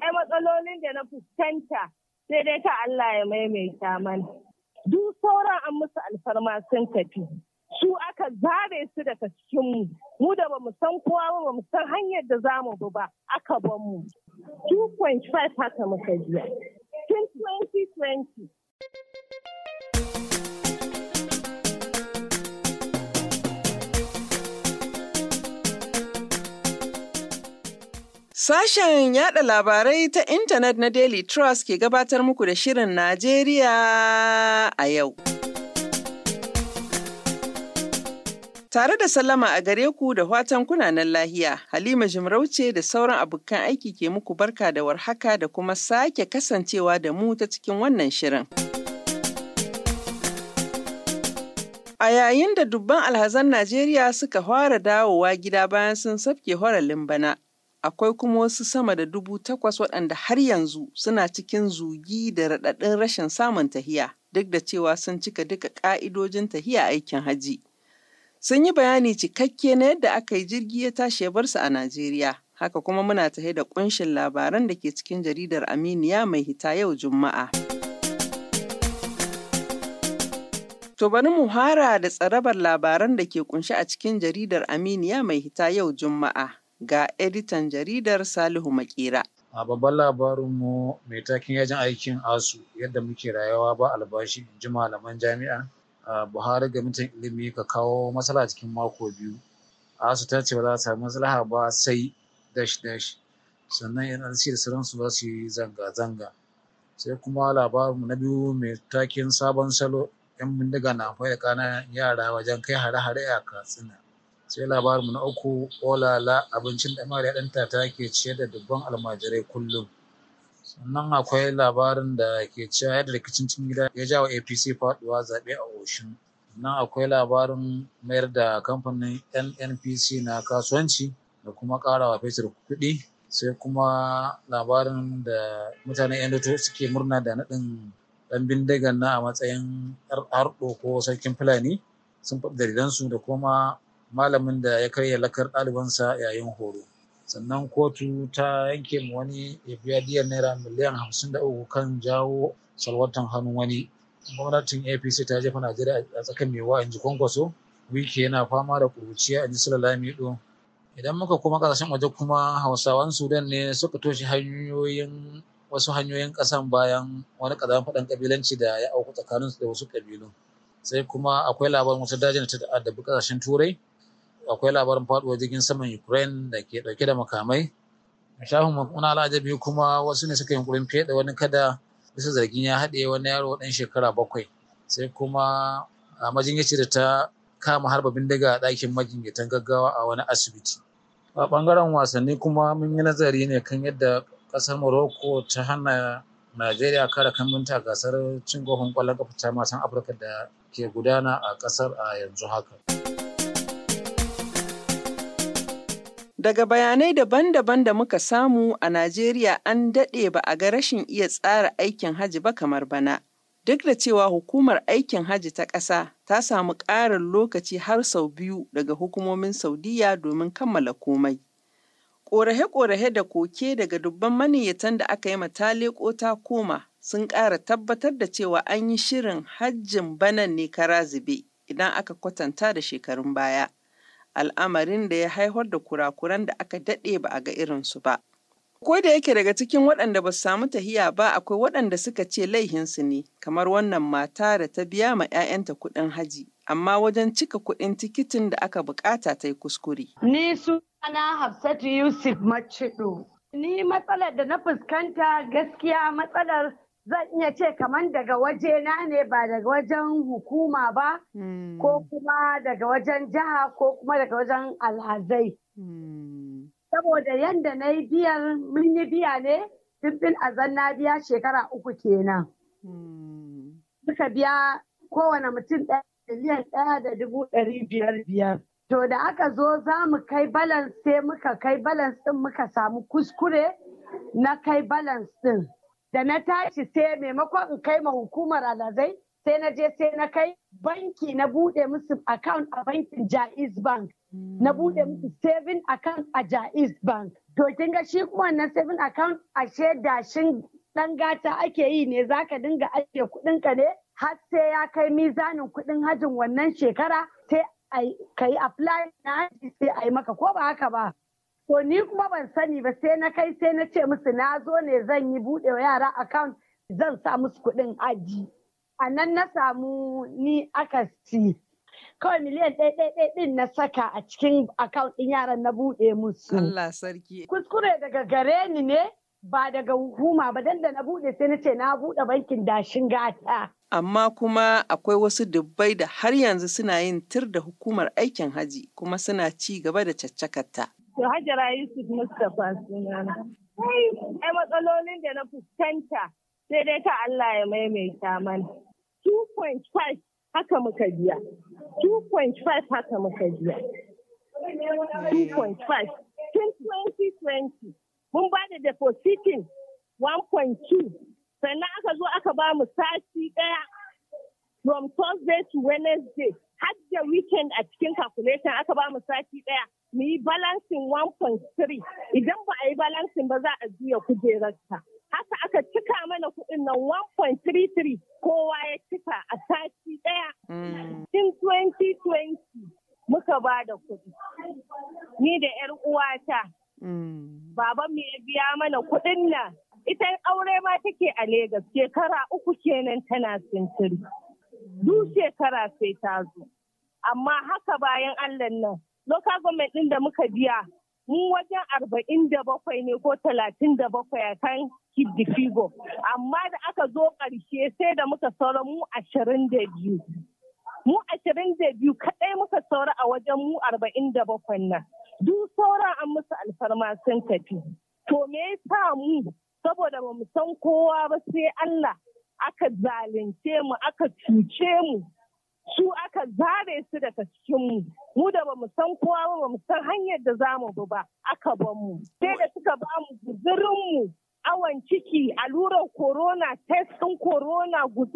ai matsalolin da na fuskanta sai dai ta Allah ya maimaita mana. Duk sauran an musu alfarma sun tafi. Su aka zare su daga cikinmu, mu da ba mu san kowa ba, ba mu san hanyar da za mu bi ba, aka ban mu. 2.5 haka muka jiya. Tun 2020 Sashen yada labarai ta intanet na Daily Trust ke gabatar muku da Shirin Najeriya a yau. Tare da sallama a gare ku da watan kunanan lahiya, Halima Jimarauce da sauran abokan aiki ke muku barka da warhaka da kuma sake kasancewa da mu ta cikin wannan shirin. A yayin da dubban alhazan Najeriya suka fara dawowa gida bayan sun safke horalin bana, akwai kuma wasu sama da dubu takwas waɗanda har yanzu suna cikin zugi da raɗaɗin rashin samun tahiya duk da cewa sun cika duka ƙa'idojin tahiya aikin haji. Sun yi bayani cikakke na yadda aka yi jirgi ya tashi ya bar a Najeriya. Haka kuma muna tahe da ƙunshin labaran da ke cikin jaridar Aminiya mai hita yau Juma'a. To bari mu hara da tsarabar labaran da ke kunshi a cikin jaridar Aminiya mai hita yau Juma'a. ga editan jaridar Salihu Makera. A babban labarinmu mai takin yajin aikin ASU yadda muke rayuwa ba albashi in ji malaman jami'a. Buhari gwamnatin ilimi ka kawo matsala cikin mako biyu. ASU ta ce ba za ta sami maslaha ba sai dash dash. Sannan 'yan arziki da sauransu za su yi zanga-zanga. Sai kuma labarinmu na biyu mai takin sabon salo 'yan bindiga na amfani da ƙananan yara wajen kai hare-hare a Katsina. sai labarinmu na uku olala abincin da mariya ɗan tata ke ciyar da dubban almajirai kullum sannan akwai labarin da ke cewa yadda rikicin cikin gida ya jawo apc faduwa zaɓe a oshin nan akwai labarin mayar da kamfanin nnpc na kasuwanci da kuma karawa fetur kuɗi sai kuma labarin da mutanen yan dato suke murna da naɗin ɗan bindigan na a matsayin harɗo ko sarkin fulani sun faɗi dalilansu da kuma malamin da ya karya lakar ɗalibansa yayin horo sannan kotu ta yanke mu wani ya biya diyar naira miliyan hamsin da uku kan jawo salwatan hannun wani gwamnatin apc ta jefa najeriya a tsakan mewa in ji kwankwaso Wike yana fama da kuruciya in ji sulalamido idan muka kuma kasashen waje kuma hausawan sudan ne suka toshe hanyoyin wasu hanyoyin kasan bayan wani kazaman faɗan kabilanci da ya auku tsakanin da wasu kabilu sai kuma akwai labarin wata dajin da ta addabi kasashen turai akwai labarin faduwar jirgin saman ukraine da ke dauke da makamai a shafin muna al'ajabi kuma wasu ne suka yi kurin fede wani kada bisa zargin ya haɗe wani yaro ɗan shekara bakwai sai kuma a majinyaci da ta kama harba bindiga a ɗakin majinyatan gaggawa a wani asibiti a ɓangaren wasanni kuma mun yi nazari ne kan yadda ƙasar morocco ta hana najeriya kara kaminta gasar cin gohon ƙwallon kafa ta matan afirka da ke gudana a ƙasar a yanzu haka. Daga bayanai daban-daban da muka samu a Najeriya an daɗe ba a ga rashin iya tsara aikin hajji ba kamar bana. Duk da cewa hukumar aikin hajji ta ƙasa ta samu ƙarin lokaci har sau biyu daga hukumomin Saudiyya domin kammala komai. Ƙorahe-ƙorahe da koke daga dubban maniyyatan da aka yi ma leƙo ta koma sun ƙara tabbatar da cewa an yi shirin hajjin banan ne kara zube idan aka kwatanta da shekarun baya. al'amarin da ya haifar da kurakuran da aka daɗe ba a ga irin su ba. Ko da yake daga cikin waɗanda ba su samu tahiya ba akwai waɗanda suka ce laihinsu ne, kamar wannan mata da ta biya ma 'ya'yanta kuɗin haji, amma wajen cika kuɗin tikitin da aka bukata ta yi kuskure. Ni sunana Hafsatu Yusuf Macido. Ni matsalar da na fuskanta gaskiya matsalar zan iya ce kamar daga waje na ne ba daga wajen hukuma ba hmm. ko kuma daga wajen jiha ko kuma daga wajen alhazai. Hmm. Saboda yadda na yi biyar mun yi biya ne tumbin azan na biya shekara uku kenan. Suka hmm. biya kowane mutum ɗaya miliyan ɗaya da dubu ɗari biyar biyar. To da aka zo za mu kai balans sai muka kai balans ɗin muka samu kuskure na kai balans ɗin. da na tashi sai maimakon in kai ma hukumar alazai sai na je sai na kai banki na bude musu account a bankin Jaiz Bank. Na bude musu saving account a Jaiz Bank. To kin ga shi kuma wannan saving account a dashin dan gata ake yi ne zaka dinga ajiye kudin ka ne har sai ya kai mizanin kudin hajin wannan shekara sai ka yi apply na sai ai maka ko ba haka ba. To ni kuma ban sani ba sai na kai sai na ce musu na zo ne zan yi buɗe wa yara account zan sa musu kuɗin aji. A nan na samu ni aka si. Kawai miliyan ɗaiɗaiɗai ɗin na saka a cikin account ɗin yaran na buɗe musu. Allah sarki. Kuskure daga gare ni ne ba daga hukuma ba dan da na buɗe sai na ce na buɗe bankin dashin gata. amma kuma akwai wasu dubbai da har yanzu suna yin tir da hukumar aikin haji kuma suna ci gaba da caccakarta. To Hajara Yusuf Mustapha sunana. Ai, matsalolin da na fuskanta sai dai ta Allah ya maimaita mana. 2.5 haka muka biya. 2.5 haka muka biya. 2.5. Tun 2020 mun ba da depositin 1.2 sannan aka zo aka ba mu sati daya from Thursday to Wednesday har da weekend a cikin calculator aka ba mu sati daya mu yi balansin 1.3 idan ba a yi balansin ba za a juya ta. Haka aka cika mana kuɗin nan 1.33 kowa ya cika a sati ɗaya. Mm. In 2020 muka ba da kuɗi. Ni da 'yar uwata. Mm. Baban mu ya biya mana kuɗin nan. Ita aure ma take a Legas shekara uku kenan tana sintiri. Duk shekara sai ta zo. Amma haka bayan Allah nan local government ɗin da muka biya mu wajen arba'in da bakwai ne ko talatin da bakwai a kan kiddi figo amma da aka zo ƙarshe sai da muka saura mu ashirin da biyu mu ashirin da biyu kaɗai muka saura a wajen mu arba'in da bakwai nan duk sauran an musu alfarma sun tafi to me yasa mu saboda ba mu san kowa ba sai Allah aka zalunce mu aka cuce mu su aka zare su daga cikin mu mu da bamu san kowa ba bamu san hanyar da za mu bi ba aka ban mu sai da suka ba mu mu awon ciki allurar corona test din corona mu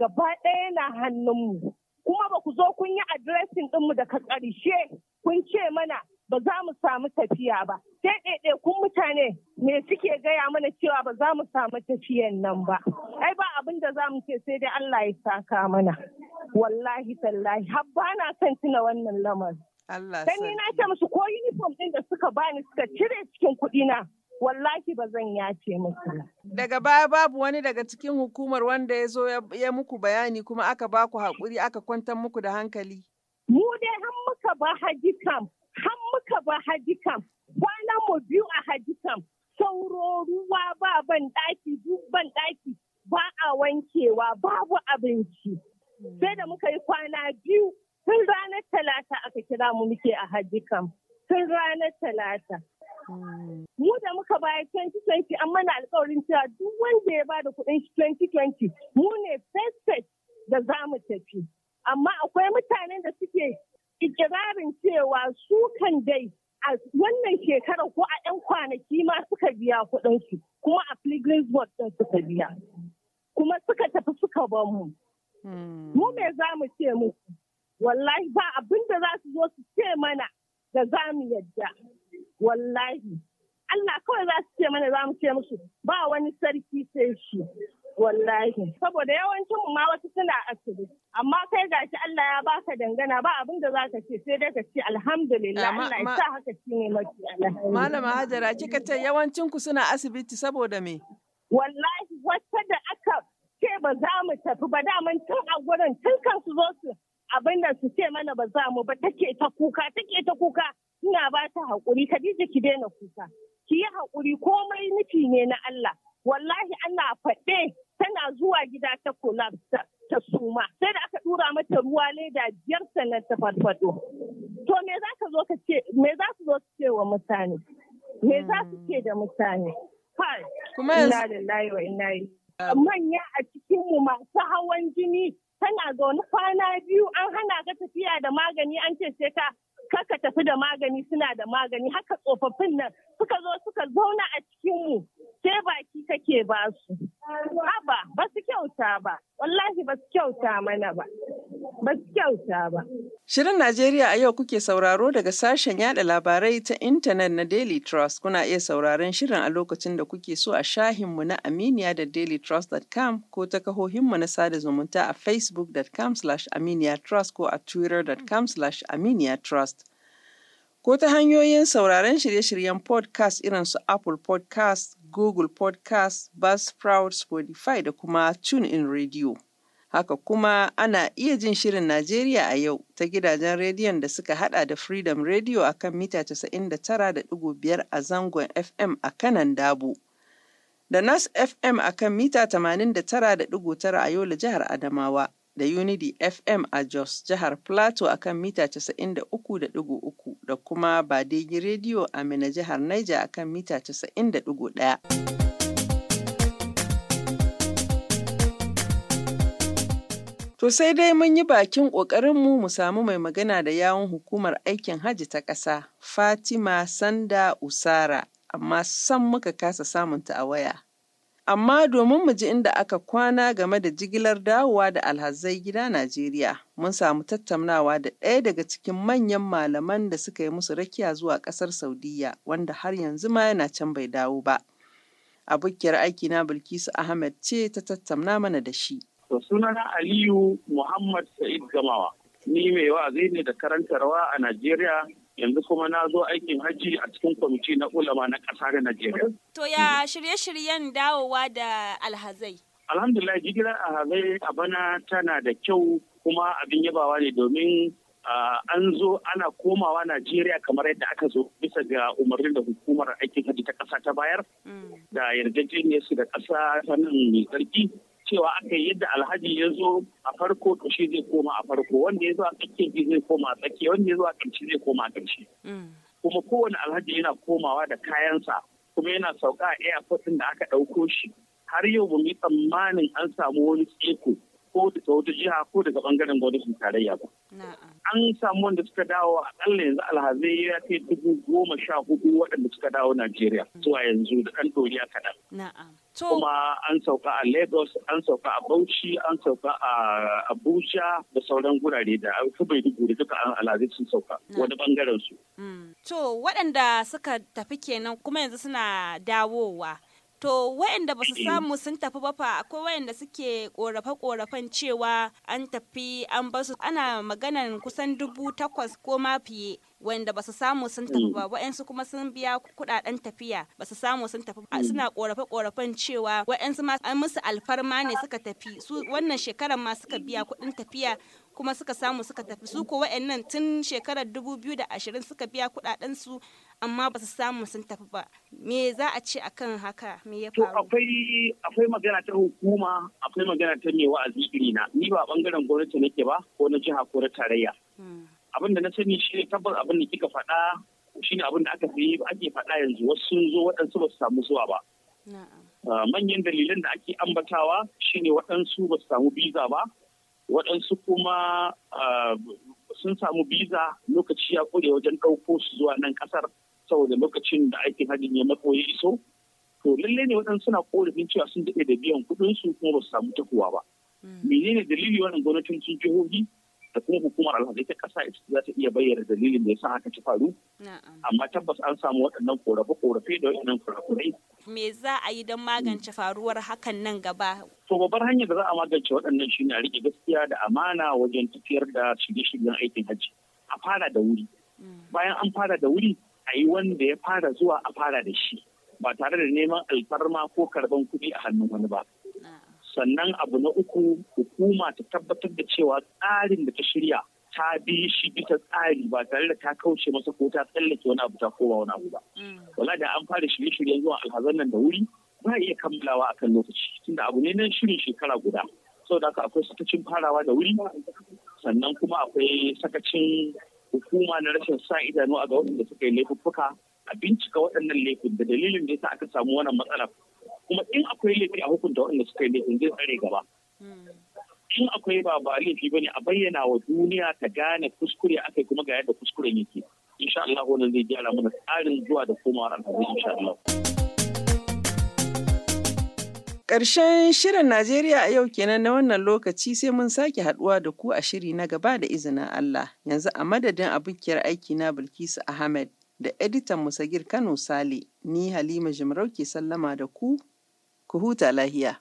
gaba ɗaya na mu kuma ba ku zo kun yi din ɗinmu daga ƙarshe kun ce mana ba za mu samu tafiya ba sai kun mutane me suke gaya mana cewa ba za mu samu tafiyan nan ba ai ba abin da za mu ce sai dai Allah ya saka mana wallahi tallahi har ba na son tuna wannan lamar. Allah sai ni na ce musu ko uniform din da suka bani suka cire cikin kuɗi na wallahi ba zan yace musu. Daga baya babu wani daga cikin hukumar wanda ya zo ya muku bayani kuma aka baku ku haƙuri aka kwantar muku da hankali. Mu dai har muka ba haji kam, har muka ba haji kam, kwanan mu biyu a haji kam, sauro ruwa ba ban ɗaki duk ban ɗaki ba a wankewa babu abinci. kai kwana biyu tun ranar talata aka kira mu muke a hajji kam tun ranar talata. Mu da muka baya 2020 an mana alkawarin cewa duk wanda ya bada kuɗin shi 2020 mu ne first da za mu tafi. Amma akwai mutanen da suke ikirarin cewa su kan dai a wannan shekarar ko a 'yan kwanaki ma suka biya su kuma a Pilgrim's Board suka biya. Kuma suka tafi suka bamu. mu. Mu me hmm. za mu ce musu, wallahi ba abin da za su zo su ce mana da za mu yadda, wallahi. Allah kawai za su ce mana za mu ce musu ba wani sarki sai shi. Wallahi, saboda yawancin mu ma wasu suna asibiti, amma kai gashi Allah ya baka dangana ba abin da za ka ce sai dai ka ce alhamdulillah ah, Allah ya sa haka shi ne mafi alhamdulillah. Malama Hajara kika ce yawancin ku suna asibiti saboda me? Wallahi wata da aka ce ba za mu tafi ba daman tun a gurin tun kan su zo su abin su ce mana ba za mu ba take ta kuka take ta kuka ina ba ta haƙuri Khadija ki daina kuka ki yi haƙuri komai nufi ne na Allah wallahi Allah faɗe tana zuwa gida ta collapse ta suma sai da aka dura mata ruwa leda biyar sannan ta farfado to me za ka zo ka ce me za su zo su ce wa mutane me za su ce da mutane kuma yanzu Eh. manya a cikinmu masu hawan jini tana zaune kwana biyu an hana ka tafiya da magani an ce sai ka kaka tafi da magani suna da magani haka tsofaffin nan suka zo suka zauna a cikinmu sai baki kake su. Haba, ba su kyauta ba, wallahi ba su kyauta mana ba, ba su kyauta ba. Shirin Najeriya a yau kuke sauraro daga sashen yada labarai ta intanet na Daily Trust. Kuna iya sauraron shirin a lokacin da kuke so a shahinmu na Aminiya da dailytrust.com ko ta kahohinmu na sada zumunta a facebook.com slash aminiyatrust ko a twitter.com slash aminiyatrust. ko ta hanyoyin sauraron shirye-shiryen podcast irin su Apple podcast, Google Podcast, Buzzsprout, Spotify da kuma TuneIn Radio. Haka kuma ana iya jin Shirin Najeriya a yau ta gidajen rediyon da suka hada da Freedom Radio a kan mita 99.5 a zangon FM a kanan Dabo. Da Nas FM a kan mita 89.9 a Yola jihar Adamawa. da Unity FM a Jos jihar Plateau akan mita 93.3 da kuma Badegi Radio a Mina jihar Niger akan mita 90.1. To sai dai mun yi bakin ƙoƙarinmu mu samu mai magana da yawon hukumar aikin hajji ta ƙasa Fatima Sanda Usara, amma san muka kasa samunta a waya. Amma domin mu ji inda aka kwana game da jigilar dawowa da alhazai gida Najeriya, mun samu tattaunawa da ɗaya daga cikin manyan malaman da suka yi musu rakiya zuwa ƙasar Saudiyya, wanda har yanzu ma yana can bai dawo ba. Abokiyar aikina Bilkisu Ahmed ce ta tattauna mana da shi. To sunana Aliyu Muhammad Sa'id Gamawa. ni mai wa'azi ne da karantarwa a Najeriya yanzu kuma na zo aikin hajji a cikin kwamiti na ulama na ƙasa da Najeriya. To ya shirye-shiryen dawowa da alhazai? Alhamdulillah jigilar alhazai a bana tana da kyau kuma abin yabawa ne domin an zo ana komawa Najeriya kamar yadda aka zo bisa ga umarnin da hukumar aikin hajji ta ƙasa ta bayar mm. da su da ƙasa ta nan mai tsarki. cewa aka yi yadda alhaji ya zo a farko to shi zai koma a farko wanda ya zo a tsakiya shi zai koma a tsakiya wanda ya zo a ƙarshe zai koma a ƙarshe mm. kuma kowane alhaji yana komawa da kayansa kuma yana sauka a airport da aka ɗauko shi har yau ba yi tsammanin an samu wani tseko ko daga wata jiha ko daga bangaren gwamnatin tarayya ba. An samu wanda suka dawo a akalla yanzu alhazai ya kai dubu goma sha hudu waɗanda suka dawo Najeriya mm. zuwa yanzu da ɗan doriya kaɗan. Kuma an sauka a Lagos, an sauka a Bauchi, an sauka a Abuja da sauran gurare da an fi bai dubu da duka an alhazai sun sauka wani bangaren su. Mm. To waɗanda suka tafi kenan kuma yanzu suna dawowa. To waɗanda ba su samu sun tafi ba fa akwai waɗanda suke korafe-korafen cewa an tafi an basu ana maganan kusan dubu takwas ko ma fiye. wanda ba su samu sun tafi ba waɗansu kuma sun biya kuɗaɗen tafiya ba su samu sun tafi ba suna korafe korafen cewa waɗansu ma an musu alfarma ne suka tafi su wannan shekarar ma suka biya kuɗin tafiya kuma suka samu suka tafi su ko waɗannan tun shekarar 2020 suka biya kuɗaɗen su amma ba su samu sun tafi ba me za a ce akan haka me ya faru akwai akwai magana ta hukuma akwai magana ta mai wa'azi iri na ni ba bangaren gwamnati nake ba ko na jiha ko na tarayya hmm. abin da na sani shi tabbas abin da kika faɗa ne abin da aka fi ake faɗa yanzu wasu sun zo waɗansu ba su samu zuwa ba ah, manyan dalilan da ake ambatawa shine waɗansu ba su samu biza ba waɗansu kuma ah, sun samu biza lokaci ya ƙure wajen ɗauko su zuwa nan ƙasar saboda lokacin da aikin hajji ya matso ya iso to lallai ne waɗansu suna korafin cewa sun daɗe da biyan kuɗin su kuma ba su samu takuwa ba hmm. menene dalili wannan gwamnatin sun jihohi da kuma hukumar alhazai ta ƙasa ita za ta iya bayyana dalilin da ya sa aka ci faru amma tabbas an samu waɗannan korafe-korafe da waɗannan kurakurai me za a yi don magance faruwar hakan nan gaba to babbar hanyar da za a magance waɗannan shine a rike gaskiya da amana wajen tafiyar da shirye-shiryen aikin hajji a fara da wuri hmm. bayan an fara da wuri a yi wanda ya fara zuwa a fara da shi ba tare da neman alfarma ko karban kuɗi a hannun wani ba. Sannan abu na uku hukuma ta tabbatar da cewa tsarin da ta shirya ta bi shi bisa tsari ba tare da ta kauce masa ko ta tsallake wani abu ta kowa wani abu ba. Mm. Wala da an fara shirye-shiryen zuwa alhazan nan da wuri ba iya kammalawa a kan lokaci tunda abu ne nan shirin shekara guda. Saboda haka akwai sakacin farawa da wuri sannan kuma akwai sakacin hukuma na rashin sa idanu a ga waɗanda suka yi laifuffuka a bincika waɗannan laifin da dalilin da yasa aka samu wannan matsala kuma in akwai laifi a hukunta waɗanda suka yi laifin zai tsare gaba hmm. in akwai ba ba laifi ba ne a bayyana wa duniya ta gane kuskure akai kuma ga yadda kuskuren yake insha Allah wannan zai gyara mana tsarin zuwa da komawar alhaji insha Allah. Ƙarshen shirin Najeriya a yau kenan na wannan lokaci sai mun sake haduwa da ku a shiri na gaba da izinin Allah. Yanzu a madadin abokiyar aiki na Bilkisu Ahmed da editan Musagir Kano Sale, ni Halima Jimarauke sallama da ku, ku huta lahiya.